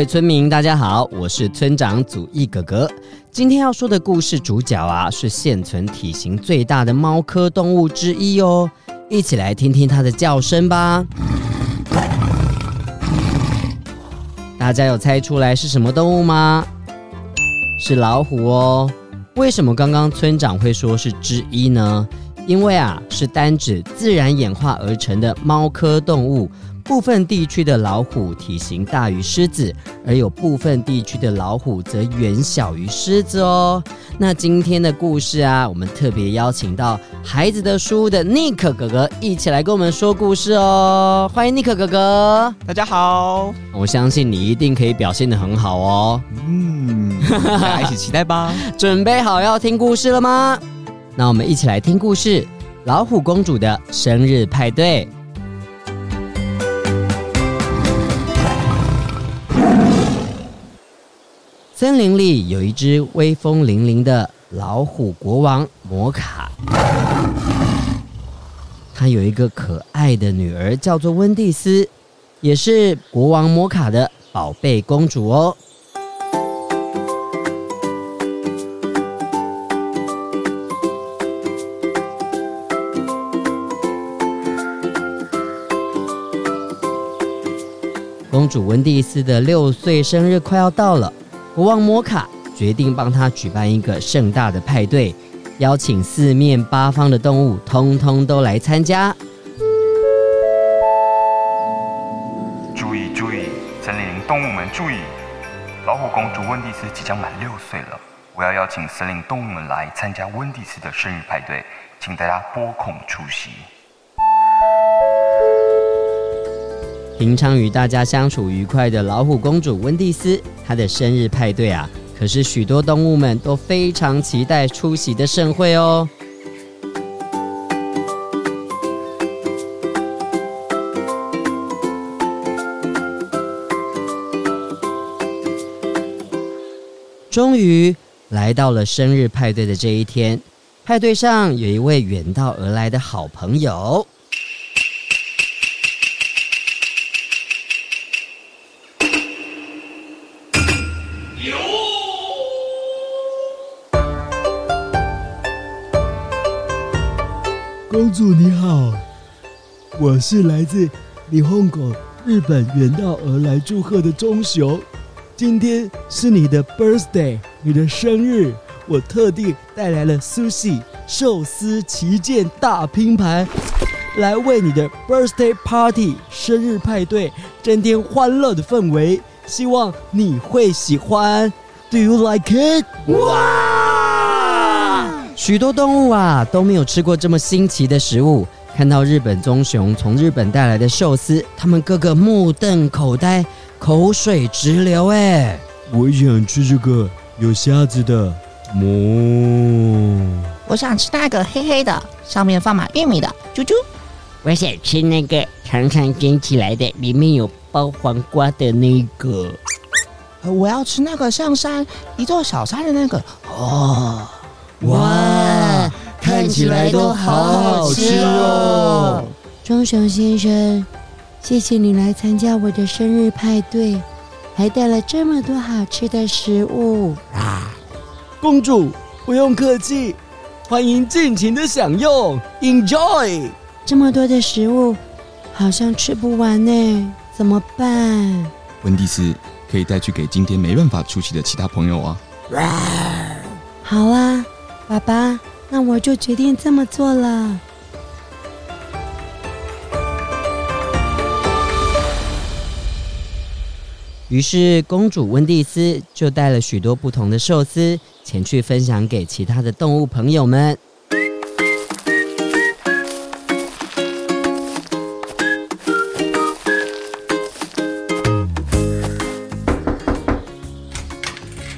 各位村民，大家好，我是村長祖逸哥哥。今天要說的故事主角啊，是現存體型最大的貓科動物之一哦。一起來聽聽它的叫聲吧。大家有猜出來是什麼動物嗎？是老虎哦。為什麼剛剛村長會說是之一呢？因為啊，是單指自然演化而成的貓科動物。部分地區的老虎體型大於獅子，而有部分地區的老虎則遠小於獅子哦。那今天的故事啊，我們特別邀請到《孩子的書》的尼克哥哥哥一起來跟我們說故事哦。歡迎尼克哥哥哥，大家好。我相信你一定可以表現得很好哦。嗯，大家一起期待吧。準備好要聽故事了嗎？那我們一起來聽故事《老虎公主的生日派對》。森林裡有一隻威風凜凜的老虎國王摩卡，他有一個可愛的女兒，叫做溫蒂斯，也是國王摩卡的寶貝公主哦。公主溫蒂斯的六歲生日快要到了。國王摩卡決定幫他舉辦一個盛大的派對，邀請四面八方的動物通通都來參加。注意注意，森林動物們注意，老虎公主溫蒂斯即將滿六歲了，我要邀請森林動物們來參加溫蒂斯的生日派對，請大家撥空出席。平常與大家相處愉快的老虎公主溫蒂斯，她的生日派對啊，可是許多動物們都非常期待出席的盛會哦。終於來到了生日派對的這一天，派對上有一位遠道而來的好朋友。公主你好，我是來自日本遠道而來祝賀的棕熊。今天是你的 birthday，你的生日，我特地帶來了 sushi 壽司旗艦大拼盤，來為你的 birthday party 生日派對增添歡樂的氛圍。希望你會喜歡。Do you like it? 許多動物啊都沒有吃過這麼新奇的食物。看到日本棕熊從日本帶來的壽司，它們個個目瞪口呆，口水直流、欸。哎，我想吃這個有蝦子的。麼、哦？我想吃那個黑黑的，上面放滿玉米的。啾啾，我想吃那個長長卷起來的，裡面有包黃瓜的那個。我要吃那個上山一座小山的那個。哦。哇，看起來都好好吃哦！棕熊先生，謝謝你來參加我的生日派對，還帶了這麼多好吃的食物啊！公主不用客氣，歡迎盡情的享用，Enjoy！這麼多的食物好像吃不完呢，怎麼辦？溫蒂斯可以帶去給今天沒辦法出席的其他朋友啊！好啊。好爸爸，那我就決定這麼做了。於是，公主溫蒂斯就帶了許多不同的壽司，前去分享給其他的動物朋友們。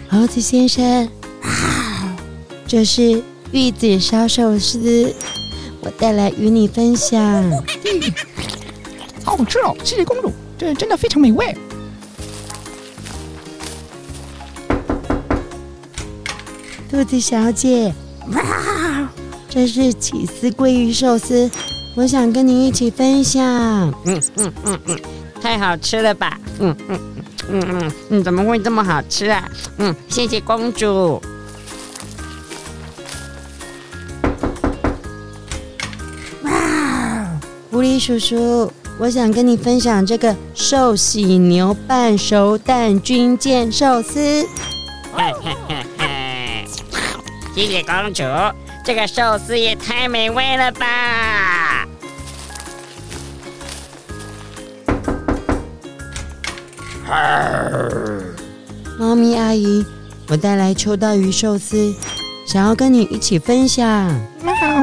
猴子先生。這是玉子燒壽司，我帶來與你分享。嗯，好好吃哦！謝謝公主，這真的非常美味。兔子小姐，哇！這是起司鮭魚壽司，我想跟你一起分享。嗯嗯嗯嗯，太好吃了吧？嗯嗯嗯嗯嗯，怎麼會這麼好吃啊？嗯，謝謝公主。李叔叔，我想跟你分享這個壽喜牛半熟蛋軍艦壽、壽司。嘿嘿嘿嘿，謝謝公主，這個壽司也太美味了吧！貓咪阿姨，我帶來秋刀魚壽司，想要跟你一起分享。你好，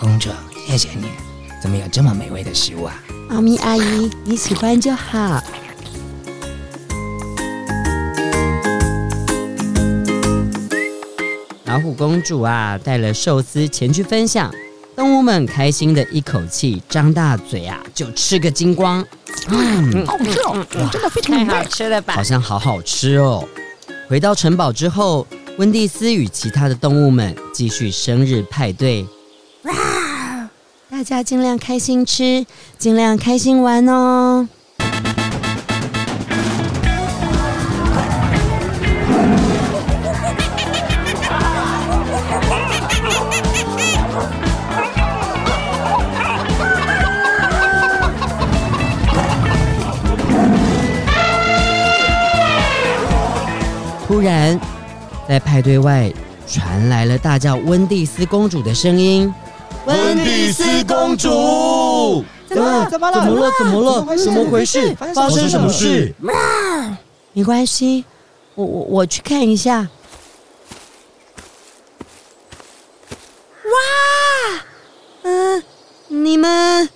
公主，謝謝你。怎麼有這麼美味的食物啊？貓咪阿姨，你喜歡就好。老虎公主啊，帶了壽司前去分享，動物們開心的一口氣張大嘴啊，就吃個精光。嗯，好吃，哇，真的非常好吃的吧？好像好好吃哦。回到城堡之後，溫蒂斯與其他的動物們繼續生日派對。大家盡量開心吃，盡量開心玩哦。 突然，在派對外傳來了大叫“溫蒂斯公主”的聲音。溫蒂斯公主，怎麼了？怎麼了？怎麼了？怎麼了？怎麼回事？發生什麼事？麼事麼事啊、沒關係，我我我去看一下。哇，嗯、呃，你們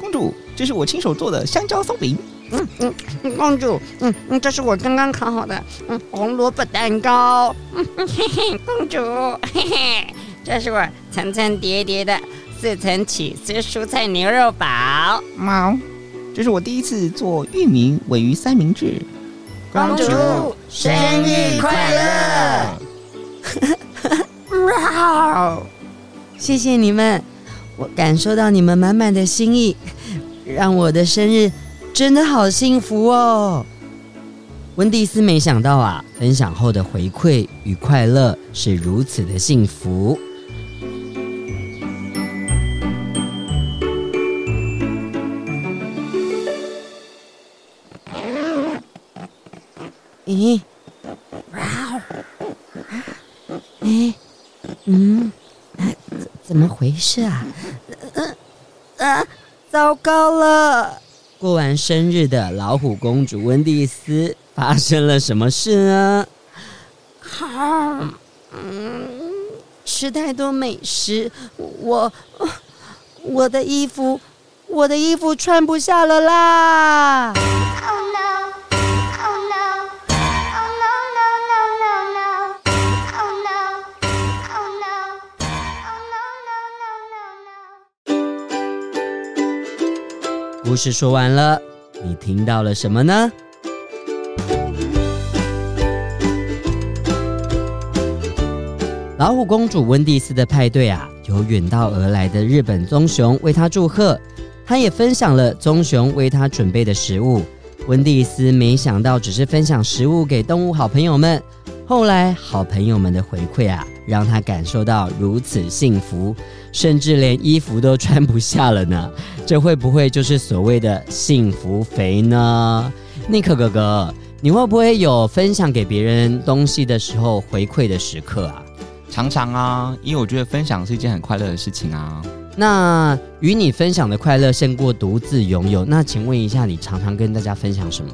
公主，這是我親手做的香蕉鬆餅。嗯嗯，公主，嗯嗯，這是我剛剛烤好的嗯紅蘿蔔蛋糕。嗯，嘿嘿，公主，嘿嘿，這是我層層疊疊，疊的四層起司蔬菜牛肉堡，貓，這是我第一次做玉米鮪魚、魚三明治，公主，公主生日快樂，哇， 謝謝你們，我感受到你們滿滿的心意，讓我的生日。真的好幸福哦！溫蒂斯沒想到啊，分享後的回饋與快樂是如此的幸福。咦？哇哦！哎，嗯，怎、啊、怎麼回事啊？啊，糟糕了！過完生日的老虎公主溫蒂斯發生了什麼事呢？哈，嗯，吃太多美食，我我的衣服，我的衣服穿不下了啦。故事說完了，你聽到了什麼呢？老虎公主溫蒂斯的派對啊，由遠道而來的日本棕熊為她祝賀，她也分享了棕熊為她準備的食物。溫蒂斯沒想到，只是分享食物給動物好朋友們，後來好朋友們的回饋啊，讓她感受到如此幸福。甚至連衣服都穿不下了呢，這會不會就是所謂的幸福肥呢？尼克哥哥，你會不會有分享給別人東西的時候回饋的時刻啊？常常啊，因為我覺得分享是一件很快樂的事情啊。那與你分享的快樂勝過獨自擁有。那請問一下，你常常跟大家分享什麼？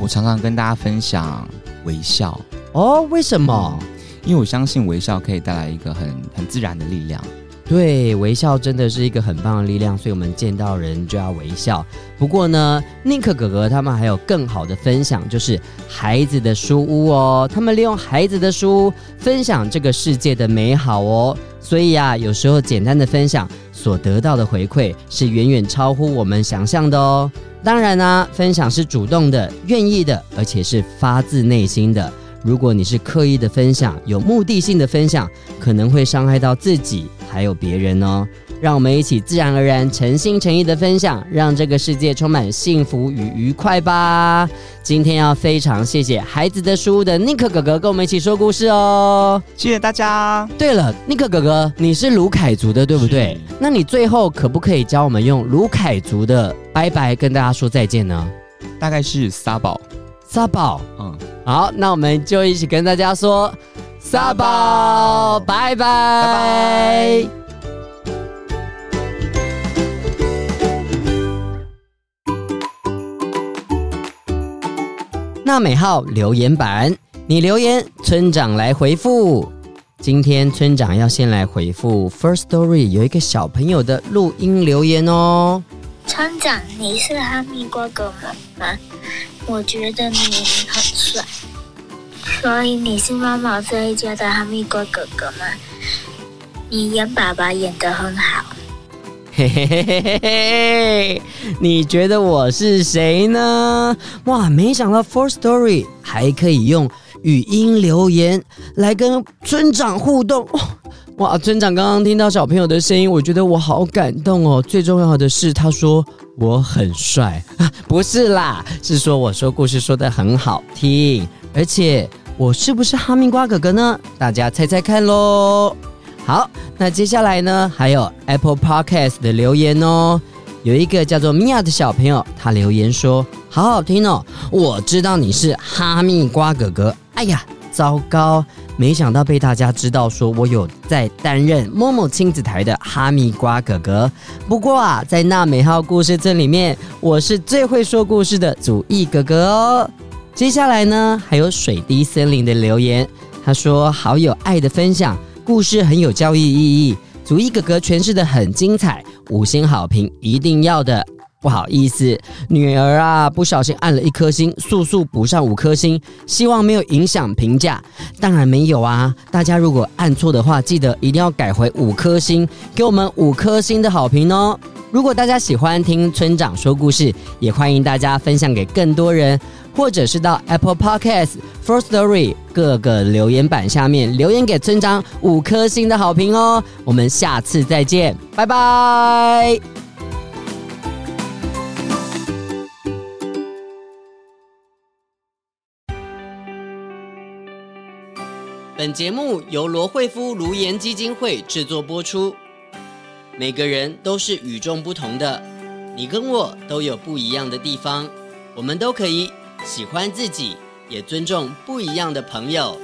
我常常跟大家分享微笑哦。為什麼？嗯，因為我相信微笑可以帶來一個很很自然的力量。對，微笑真的是一個很棒的力量，所以我們見到人就要微笑。不過呢，Nick 哥哥他們還有更好的分享，就是孩子的書屋哦。他們利用孩子的書分享這個世界的美好哦。所以啊，有時候簡單的分享所得到的回饋是遠遠超乎我們想象的哦。當然啦、啊，分享是主動的、願意的，而且是發自內心的。如果你是刻意的分享、有目的性的分享，可能會傷害到自己。還有別人呢、哦，讓我們一起自然而然、誠心誠意的分享，讓這個世界充滿幸福與愉快吧。今天要非常謝謝《孩子的書屋》的 Nick 哥，哥哥跟我們一起說故事哦，謝謝大家。對了，Nick 哥，哥哥，你是魯凱族的對不對？那你最後可不可以教我們用魯凱族的“拜拜”跟大家說再見呢？大概是“沙寶”，沙寶。嗯，好，那我們就一起跟大家說。撒寶，拜拜。拜拜。納美號留言板，你留言，村長來回復。今天村長要先來回覆 First Story 有一個小朋友的錄音留言哦。村長，你是哈密瓜哥哥嗎？我覺得你很帥。所以你是媽媽這一家的哈密瓜哥哥嗎？你演爸爸演得很好。嘿嘿嘿嘿嘿嘿，你覺得我是誰呢？哇，沒想到 Firstory 還可以用語音留言來跟村長互動。哇，村長剛剛聽到小朋友的聲音，我覺得我好感動哦。最重要的是，他說我很帥，不是啦，是說我說故事說得很好聽，而且。我是不是哈密瓜哥哥呢？大家猜猜看嘍！好，那接下來呢，還有 Apple Podcast 的留言哦。有一個叫做 Mia 的小朋友，他留言說：“好好聽哦，我知道你是哈密瓜哥哥。”哎呀，糟糕！沒想到被大家知道說我有在擔任 Momo 親子台的哈密瓜哥哥。不過啊，在納美號故事村裡面，我是最會說故事的主意哥哥哦。接下來呢，還有水滴森林的留言，他說，好有愛的分享，故事很有教育意義，祖逸哥哥詮釋的很精彩，五星好評，一定要的。不好意思，女兒啊，不小心按了一顆星，速速補上五顆星，希望沒有影響評價。當然沒有啊。大家如果按錯的話，記得一定要改回五顆星，給我們五顆星的好評哦。如果大家喜歡聽村長說故事，也歡迎大家分享給更多人，或者是到 Apple Podcasts Firstory 各個留言板下面留言給村長五顆星的好評哦。我們下次再見，拜拜。本節目由羅慧夫顱顏基金會製作播出。每個人都是與眾不同的，你跟我都有不一樣的地方，我們都可以喜歡自己，也尊重不一樣的朋友。